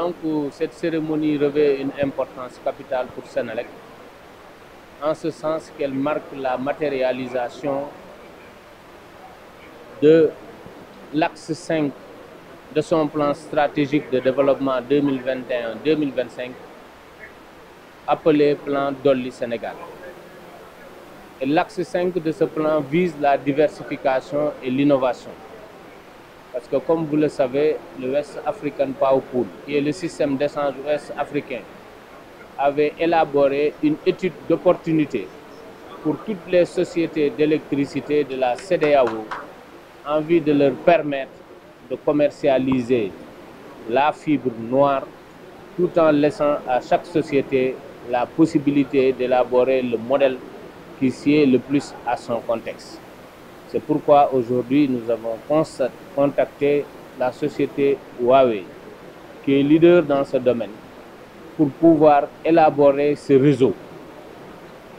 donc cette cérémonie une importance capitale pour Sénélec, en ce sens qu'elle la matérialisation de l'axe 5 de son plan stratégique de développement 2021-2025, appelé plan Sénégal. L'axe 5 de ce plan vise la diversification et l'innovation. Parce que comme vous le savez, le West African Power Pool, le système d'échange ouest africain, avait élaboré une étude d'opportunité pour toutes les sociétés d'électricité de la CDAO en vue de leur permettre de commercialiser la fibre noire tout en laissant à chaque société la possibilité d'élaborer le modèle qui sied le plus à son contexte. C'est pourquoi aujourd'hui nous avons contacté la société Huawei, qui est leader dans ce domaine, pour pouvoir élaborer ce réseau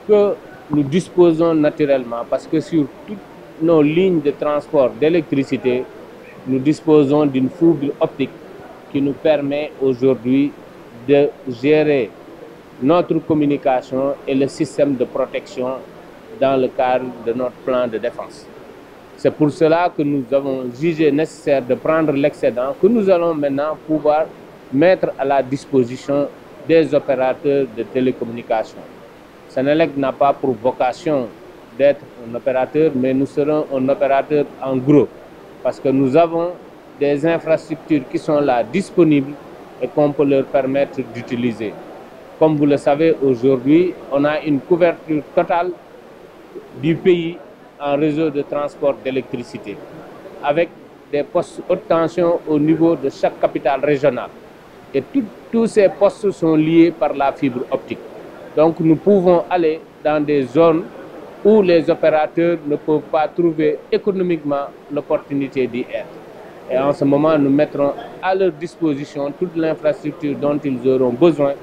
que nous disposons naturellement, parce que sur toutes nos lignes de transport d'électricité, nous disposons d'une fibre optique qui nous permet aujourd'hui de gérer notre communication et le système de protection dans le cadre de notre plan de défense. C'est pour cela que nous avons jugé nécessaire de prendre l'excédent que nous allons maintenant pouvoir mettre à la disposition des opérateurs de télécommunications. Sénélec n'a pas pour vocation d'être un opérateur, mais nous serons un opérateur en gros, parce que nous avons des infrastructures qui sont là disponibles et qu'on peut leur permettre d'utiliser. Comme vous le savez, aujourd'hui, on a une couverture totale du pays en réseau de transport d'électricité, avec des postes haute tension au niveau de chaque capitale régionale. Et tout, tous ces postes sont liés par la fibre optique. Donc nous pouvons aller dans des zones où les opérateurs ne peuvent pas trouver économiquement l'opportunité d'y être. Et en ce moment, nous mettrons à leur disposition toute l'infrastructure dont ils auront besoin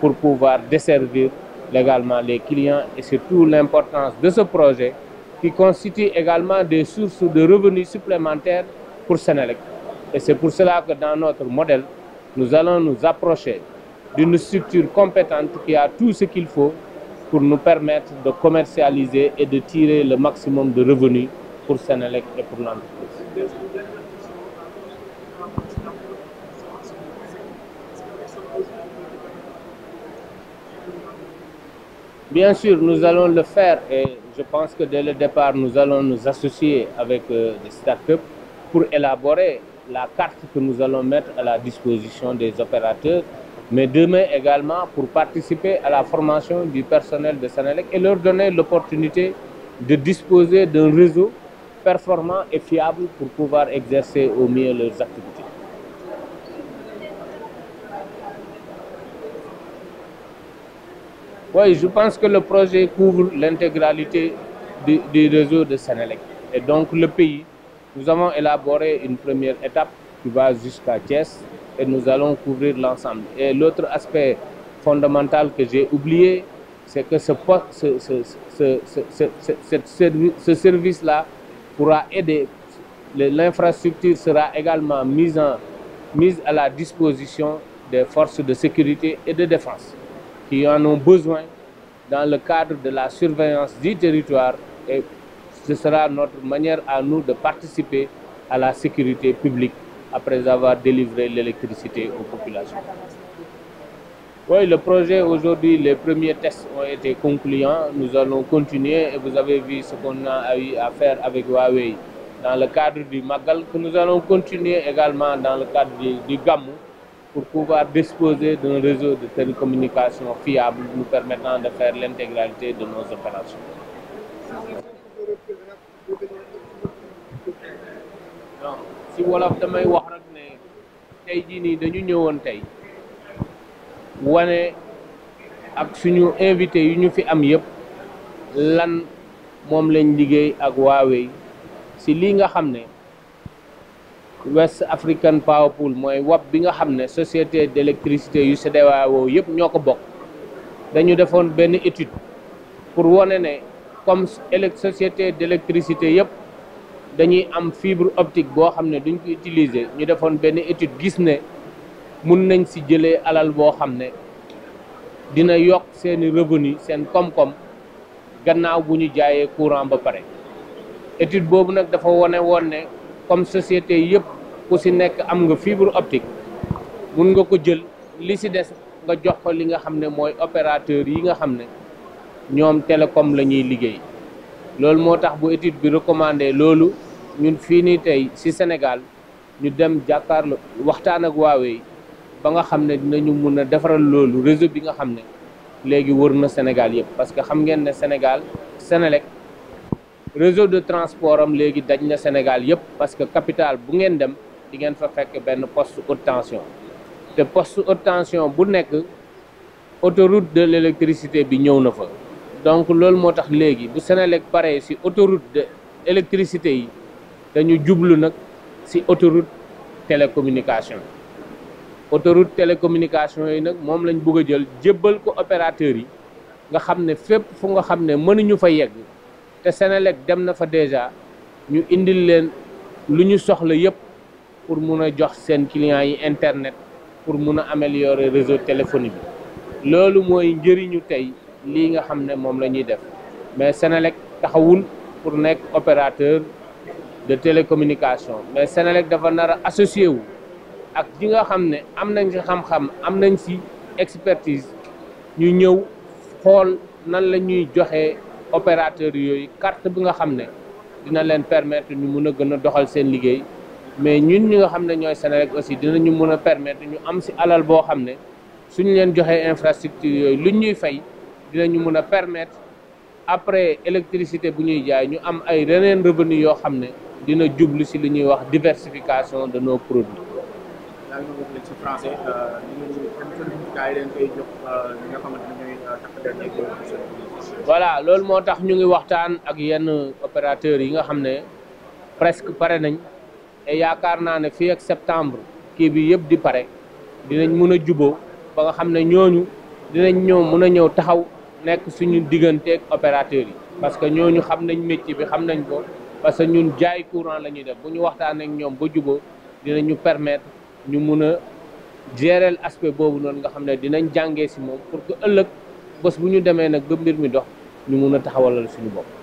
pour pouvoir desservir légalement les clients et surtout l'importance de ce projet qui constituent également des sources de revenus supplémentaires pour Sénélec. Et c'est pour cela que dans notre modèle, nous allons nous approcher d'une structure compétente qui a tout ce qu'il faut pour nous permettre de commercialiser et de tirer le maximum de revenus pour Sénélec et pour l'entreprise. Bien sûr, nous allons le faire et je pense que dès le départ, nous allons nous associer avec euh, des startups pour élaborer la carte que nous allons mettre à la disposition des opérateurs, mais demain également pour participer à la formation du personnel de Sanelec et leur donner l'opportunité de disposer d'un réseau performant et fiable pour pouvoir exercer au mieux leurs activités. Oui, je pense que le projet couvre l'intégralité du, du, réseau de Sénélec. Et donc le pays, nous avons élaboré une première étape qui va jusqu'à Thiès et nous allons couvrir l'ensemble. Et l'autre aspect fondamental que j'ai oublié, c'est que ce, ce, ce, ce service-là pourra aider. L'infrastructure sera également mise, en, mise à la disposition des forces de sécurité et de défense. qui en ont besoin le cadre de la surveillance du territoire et ce sera notre manière à nous de participer à la sécurité publique après avoir délivré l'électricité aux populations. Oui, le projet aujourd'hui, les premiers tests ont été concluants. Nous allons continuer et vous avez vu ce qu'on a eu faire avec Huawei dans le cadre du Magal, que nous allons continuer également dans le cadre du, du GAMU. pour pouvoir disposer d'un réseau de télécommunications fiable nous permettant de faire l'intégralité de nos opérations. donc si wolof damay wax rek ne tey jii nii dañu ñëwoon tey wane ak suñu invité yu ñu fi am yëpp lan moom lañ liggéey ak Huawei si lii nga xam ne. West African Power Pool mooy WAP bi nga xam ne société d'électricité yu CEDEAO yëpp ñoo ko bokk dañu defoon benn étude pour wone ne comme élec société d'électricité yëpp dañuy am fibre optique boo xam ne duñ ko utiliser ñu defoon benn étude gis ne mun nañ ci jëlee alal boo xam ne dina yokk seeni revenu seen koom-koom gannaaw bu ñu jaayee courant ba pare étude boobu nag dafa wone woon ne comme société yëpp ku si nekk am nga fibre optique mun nga ko jël li si des nga jox ko li nga xam ne mooy opérateur yi nga xam ne ñoom télécom la ñuy liggéey loolu moo tax bu étude bi recommandé loolu ñun fii nii tey si Sénégal ñu dem jàkkaarloo waxtaan ak Huawei ba nga xam ne dinañu mun a defaral loolu réseau bi nga xam ne léegi wër na Sénégal yëpp parce que xam ngeen ne Sénégal Sénélec réseau de transport am léegi daj na Sénégal yëpp parce que capital bu ngeen dem di ngeen fa fekk benn poste haute tension te poste haute tension bu nekk autoroute de l'électricité bi ñëw na fa donc loolu moo tax léegi bu Sénélec pare ci autoroute de électricité yi dañu jublu nag ci autoroute télécommunication autoroute télécommunication yi nag moom lañ bëgg a jël jébbal ko opérateurs yi nga xam ne fépp fu nga xam ne mënuñu fa yegg te Sénélec dem na fa déjà ñu indil leen lu ñu soxla yépp pour mun a jox seen clients yi internet pour mun a améliorer réseau téléphonique bi loolu mooy njëriñu tey lii nga xam ne moom la ñuy def mais Senelec taxawul pour nekk opérateur de télécommunication mais Senelec dafa nar a associé wu ak ñi nga xam ne am nañ ci xam-xam am nañ si expertise ñu ñëw xool nan la ñuy joxe opérateur yooyu carte bi nga xam ne dina leen permettre ñu mun a gën a doxal seen liggéey mais ñun ñi nga xam ne ñooy Senelec aussi dinañu mën a permettre ñu am si alal boo xam ne suñu leen joxee infrastructure yooyu luñ ñuy fay dinañu mun a permettre après électricité bu ñuy jaay ñu am ay reneen revenu yoo xam ne dina jublu si li ñuy wax diversification de nos produits. daal euh, euh, euh, voilà loolu moo tax ñu ngi waxtaan ak yenn opérateurs yi nga xam ne presque pare nañ. et yaakaar naa ne fii ak septembre kii bi yëpp di pare dinañ mun a juboo ba nga xam ne ñooñu dinañ ñëw mun a ñëw taxaw nekk suñu digganteeg opérateur yi parce que ñooñu xam nañ métier bi xam nañ ko parce que ñun jaay courant la ñuy def bu ñu waxtaan ak ñoom ba juboo ñu permettre ñu mun a gérer aspect boobu noonu nga xam ne dinañ jàngee si moom pour que ëllëg bés bu ñu demee nag ba mbir mi dox ñu mun a taxawalal suñu bopp